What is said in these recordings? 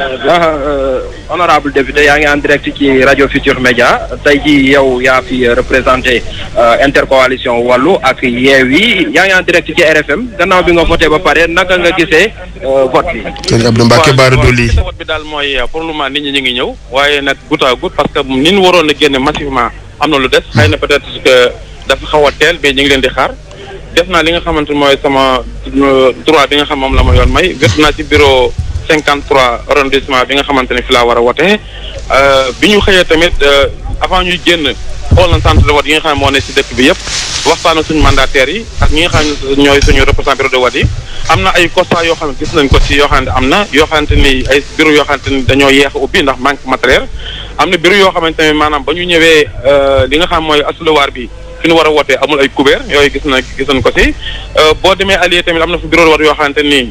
Euh, euh, honorable député yaa ngi en direct ci rajo Futur Média tey ji yow yaa fi représenté euh, intercoalition wàllu ak yi yaa ngi en direct ci RFM gannaaw bi nga voté ba pare naka nga gisee vote bi. sëñ Abdou daal mooy pour le moment nit ñi ñu ngi ñëw waaye nag goutte à parce que ni ñu waroon a génne massivement am na lu des xëy ne peut-être que dafa xaw teel mais ñu ngi leen di xaar. def naa li nga xamante mooy sama droit bi nga xam moom la ma yoon may wet naa ci bureau cinquante trois arrondissement bi nga xamante ne fi laa war a wote euh, bi ñu xëyee tamit euh, avant ñuy génn xool na centre de vote yi nga xam ne moo ne si dëkk bi yëpp waxtaan ak suñu mandataires yi ak ñi nga xam ñooy suñu représentant bureau de am na ay constat yoo xam ne gis nañ ko ci yoo xam ne am na yoo xamante ni ay bureau yoo xamante ni dañoo yeex a ubbi ndax manque matériel am na bureau yoo xamante ne maanaam ba ñu ñëwee euh, li nga xam mooy asulawaar bi fi ñu war a wootee amul ay couvert yooyu gis na gis nañ ko ci boo demee allié tamit am na fi bureau de vote yoo xamante ni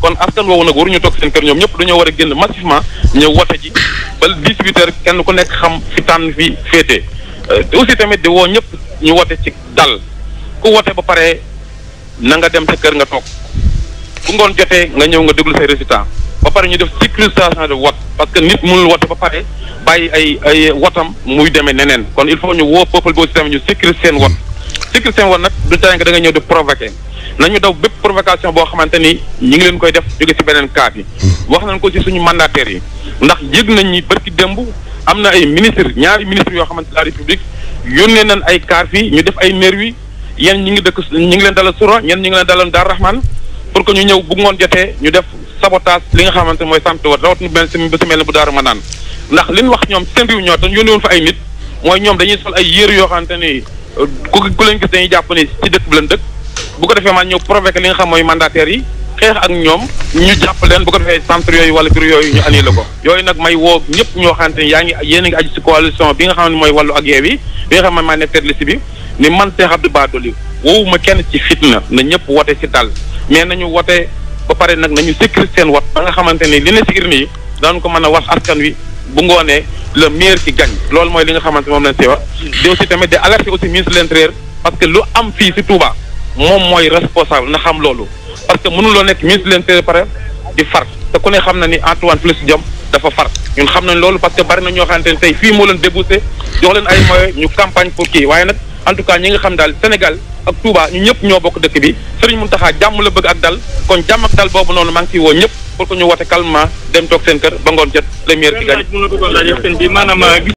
kon askan woowu nag waruñu toog seen kër ñoom ñëpp dañoo war a génn massivement ñëw wote ji ba 18 heures kenn ku nekk xam fi tànn fi féete euh, te aussi tamit di woo ñëpp ñu wote ci dal ku wote ba pare na nga dem sa kër nga toog bu ngoon jotee nga ñëw nga déglu say résultat ba pare ñu def circulation de vote parce que nit mënul wote ba pare bàyyi ay ay wotam muy demee neneen kon il faut ñu woo peuple boo aussi ñu sécuriser seen vote cycle seen won nag du tànk da nga ñëw di provoquer nañu daw bépp provocation boo xamante ni ñi ngi leen koy def jóge si beneen cas bi wax nañ ko si suñu mandataires yi ndax yëg nañ ni barki démb am na ay ministre ñaari ministre yoo xamante la république yónnee nañ ay car fii ñu def ay nervi yeen ñi ngi dëkk ñi ngi leen dalal suro ñen ñi ngi leen dalal Dar Rahman pour que ñu ñëw bu ngoon jotee ñu def sabotage li nga xamante mooy sant war rawat ni benn semaine ba semaine bu daaru ma naan ndax liñ wax ñoom seen réunion dañ yónnee woon fa ay nit mooy ñoom dañuy sol ay yére yoo xamante ni ku ku leen gis dañuy jàpp ne ci dëkk bi leen dëkk bu ko defee man ñëw provoqué li nga xam mooy mandataires yi xeex ak ñoom ñu jàpp leen bu ko defee centre yooyu wala bureau yooyu ñu annulé ko yooyu nag may woo ñëpp ñoo waxante ni yaa ngi a ngi aju ci coalition bi nga xam ne mooy wàllu ak Yewwi bi nga xam ne maa nekk tête liste bi ni man Cheikh Abdou Bara Dolly wowuma kenn ci fitna na ñëpp wote ci dal mais na ñu wote ba pare nag nañu sécurité seen wat ba nga xamante ni li ne sécurité daan ko mën a wax askan wi bu ngoonee le meilleur qui gagne loolu mooy li nga xamante moom lañ si wax di aussi tamit di alerter aussi ministre de l'intérieur parce que lu am fii si Touba moom mooy responsable na xam loolu parce que mënuloo nekk ministre de l'intérieur pare di far te ku ne xam na ni Antoine Félix Diome dafa far ñun xam nañ loolu parce que bari na ñoo xamante ne tey fii moo leen débouché jox leen ay moyens ñu campagne pour kii waaye nag en tout cas ñi nga xam daal Sénégal ak Touba ñu ñëpp bokk dëkk bi Serigne Mountakha jàmm la bëgg ak dal kon jàmm ak noonu maa ngi ñëpp pour que ñu wote calmement dem toog seen kër ba ngoon jot. première bi gaañ.